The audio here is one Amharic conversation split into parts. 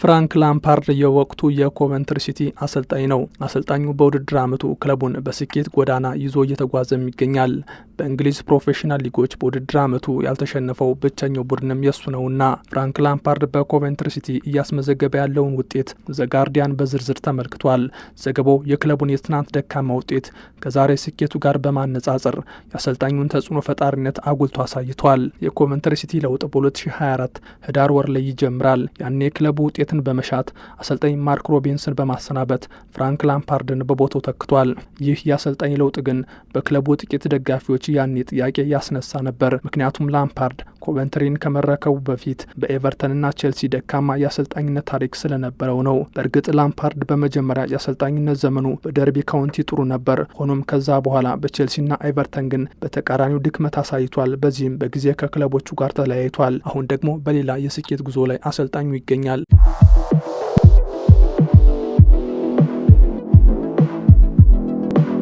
ፍራንክ ላምፓርድ የወቅቱ የኮቨንትሪ ሲቲ አሰልጣኝ ነው። አሰልጣኙ በውድድር አመቱ ክለቡን በስኬት ጎዳና ይዞ እየተጓዘም ይገኛል። በእንግሊዝ ፕሮፌሽናል ሊጎች በውድድር አመቱ ያልተሸነፈው ብቸኛው ቡድንም የሱ ነውና ፍራንክ ላምፓርድ በኮቨንትሪ ሲቲ እያስመዘገበ ያለውን ውጤት ዘጋርዲያን በዝርዝር ተመልክቷል። ዘገባው የክለቡን የትናንት ደካማ ውጤት ከዛሬ ስኬቱ ጋር በማነጻጸር የአሰልጣኙን ተጽዕኖ ፈጣሪነት አጉልቶ አሳይቷል። የኮቨንትሪ ሲቲ ለውጥ በ2024 ህዳር ወር ላይ ይጀምራል። ያኔ የክለቡ ውጤትን በመሻት አሰልጣኝ ማርክ ሮቢንስን በማሰናበት ፍራንክ ላምፓርድን በቦታው ተክቷል። ይህ የአሰልጣኝ ለውጥ ግን በክለቡ ጥቂት ደጋፊዎች ያኔ ጥያቄ ያስነሳ ነበር። ምክንያቱም ላምፓርድ ኮቨንትሪን ከመረከቡ በፊት በኤቨርተንና ቼልሲ ደካማ የአሰልጣኝነት ታሪክ ስለነበረው ነው። በእርግጥ ላምፓርድ በመጀመሪያ የአሰልጣኝነት ዘመኑ በደርቢ ካውንቲ ጥሩ ነበር። ሆኖም ከዛ በኋላ በቼልሲና ኤቨርተን ግን በተቃራኒው ድክመት አሳይቷል። በዚህም በጊዜ ከክለቦቹ ጋር ተለያይቷል። አሁን ደግሞ በሌላ የስኬት ጉዞ ላይ አሰልጣኙ ይገኛል።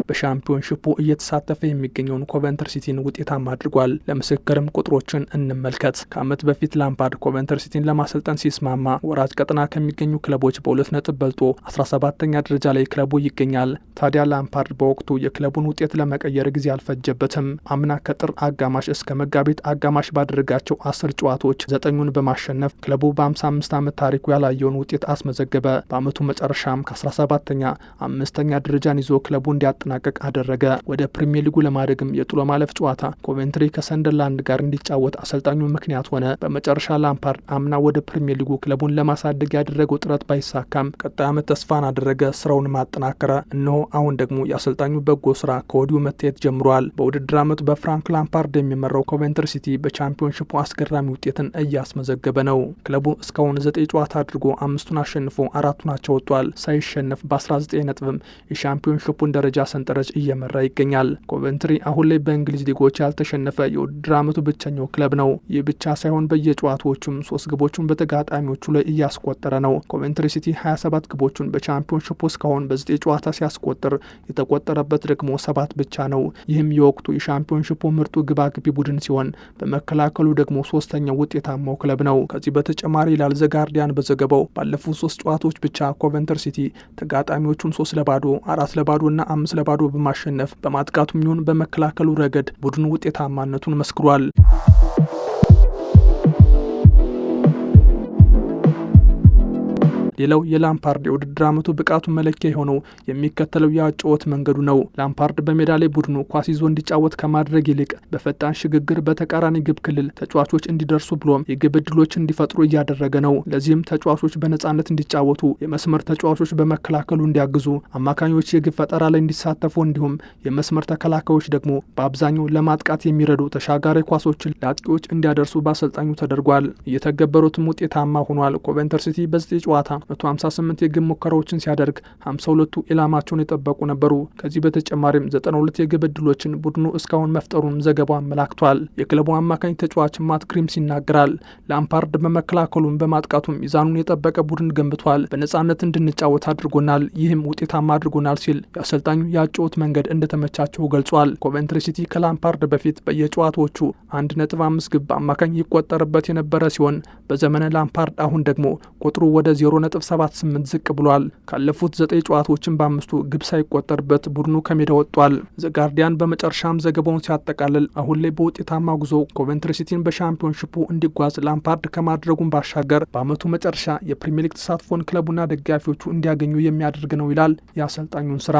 በሻምፒዮንሽፑ እየተሳተፈ የሚገኘውን ኮቨንተር ሲቲን ውጤታማ አድርጓል። ለምስክርም ቁጥሮችን እንመልከት። ከዓመት በፊት ላምፓርድ ኮቨንተር ሲቲን ለማሰልጠን ሲስማማ ወራጅ ቀጠና ከሚገኙ ክለቦች በሁለት ነጥብ በልጦ 17ተኛ ደረጃ ላይ ክለቡ ይገኛል። ታዲያ ላምፓርድ በወቅቱ የክለቡን ውጤት ለመቀየር ጊዜ አልፈጀበትም። አምና ከጥር አጋማሽ እስከ መጋቢት አጋማሽ ባደረጋቸው አስር ጨዋታዎች ዘጠኙን በማሸነፍ ክለቡ በ55 ዓመት ታሪኩ ያላየውን ውጤት አስመዘገበ። በዓመቱ መጨረሻም ከ17ተኛ አምስተኛ ደረጃን ይዞ ክለቡ እንዲያጠና እንዲጠናቀቅ አደረገ። ወደ ፕሪሚየር ሊጉ ለማደግም የጥሎ ማለፍ ጨዋታ ኮቬንትሪ ከሰንደርላንድ ጋር እንዲጫወት አሰልጣኙ ምክንያት ሆነ። በመጨረሻ ላምፓርድ አምና ወደ ፕሪሚየር ሊጉ ክለቡን ለማሳደግ ያደረገው ጥረት ባይሳካም ቀጣይ ዓመት ተስፋን አደረገ፣ ስራውን ማጠናከረ። እነሆ አሁን ደግሞ የአሰልጣኙ በጎ ስራ ከወዲሁ መታየት ጀምሯል። በውድድር ዓመቱ በፍራንክ ላምፓርድ የሚመራው ኮቬንትሪ ሲቲ በቻምፒዮንሽፑ አስገራሚ ውጤትን እያስመዘገበ ነው። ክለቡ እስካሁን ዘጠኝ ጨዋታ አድርጎ አምስቱን አሸንፎ አራቱን አቸወጧል። ወጥቷል። ሳይሸነፍ በ19 ነጥብም የሻምፒዮንሽፑን ደረጃ ሰን ሰንጠረዥ እየመራ ይገኛል። ኮቨንትሪ አሁን ላይ በእንግሊዝ ሊጎች ያልተሸነፈ የውድድር ዓመቱ ብቸኛው ክለብ ነው። ይህ ብቻ ሳይሆን በየጨዋታዎቹም ሶስት ግቦቹን በተጋጣሚዎቹ ላይ እያስቆጠረ ነው። ኮቨንትሪ ሲቲ 27 ግቦቹን በቻምፒዮንሽፕ እስካሁን በዘጠኝ ጨዋታ ሲያስቆጥር የተቆጠረበት ደግሞ ሰባት ብቻ ነው። ይህም የወቅቱ የሻምፒዮንሽፑ ምርጡ ግባግቢ ቡድን ሲሆን በመከላከሉ ደግሞ ሶስተኛው ውጤታማው ክለብ ነው። ከዚህ በተጨማሪ ይላል ዘጋርዲያን በዘገባው ባለፉት ሶስት ጨዋታዎች ብቻ ኮቨንትር ሲቲ ተጋጣሚዎቹን ሶስት ለባዶ፣ አራት ለባዶ እና አምስት ለባዶ ባዶ በማሸነፍ በማጥቃቱም ይሁን በመከላከሉ ረገድ ቡድኑ ውጤታማነቱን መስክሯል። ሌላው የላምፓርድ የውድድር አመቱ ብቃቱ መለኪያ የሆነው የሚከተለው የአጨዋወት መንገዱ ነው። ላምፓርድ በሜዳ ላይ ቡድኑ ኳስ ይዞ እንዲጫወት ከማድረግ ይልቅ በፈጣን ሽግግር በተቃራኒ ግብ ክልል ተጫዋቾች እንዲደርሱ ብሎም የግብ እድሎች እንዲፈጥሩ እያደረገ ነው። ለዚህም ተጫዋቾች በነጻነት እንዲጫወቱ፣ የመስመር ተጫዋቾች በመከላከሉ እንዲያግዙ፣ አማካኞች የግብ ፈጠራ ላይ እንዲሳተፉ እንዲሁም የመስመር ተከላካዮች ደግሞ በአብዛኛው ለማጥቃት የሚረዱ ተሻጋሪ ኳሶችን ለአጥቂዎች እንዲያደርሱ በአሰልጣኙ ተደርጓል። እየተገበሩትም ውጤታማ ሆኗል። ኮቨንተር ሲቲ በዘጠኝ ጨዋታ 158 የግብ ሙከራዎችን ሲያደርግ 52ቱ ኢላማቸውን የጠበቁ ነበሩ። ከዚህ በተጨማሪም 92 የግብ እድሎችን ቡድኑ እስካሁን መፍጠሩን ዘገባው አመላክቷል። የክለቡ አማካኝ ተጫዋች ማት ግሪምስ ይናገራል። ላምፓርድ በመከላከሉም በማጥቃቱም ሚዛኑን የጠበቀ ቡድን ገንብቷል። በነጻነት እንድንጫወት አድርጎናል። ይህም ውጤታማ አድርጎናል ሲል የአሰልጣኙ የአጨዋወት መንገድ እንደተመቻቸው ገልጿል። ኮቨንትሪ ሲቲ ከላምፓርድ በፊት በየጨዋታዎቹ 1.5 ግብ አማካኝ ይቆጠርበት የነበረ ሲሆን በዘመነ ላምፓርድ አሁን ደግሞ ቁጥሩ ወደ በ0.78 ዝቅ ብሏል። ካለፉት ዘጠኝ ጨዋታዎችን በአምስቱ ግብ ሳይቆጠርበት ቡድኑ ከሜዳ ወጥቷል። ዘጋርዲያን በመጨረሻም ዘገባውን ሲያጠቃልል አሁን ላይ በውጤታማ ጉዞ ኮቨንትሪ ሲቲን በሻምፒዮንሽፑ እንዲጓዝ ላምፓርድ ከማድረጉን ባሻገር በአመቱ መጨረሻ የፕሪሚየር ሊግ ተሳትፎን ክለቡና ደጋፊዎቹ እንዲያገኙ የሚያደርግ ነው ይላል የአሰልጣኙን ስራ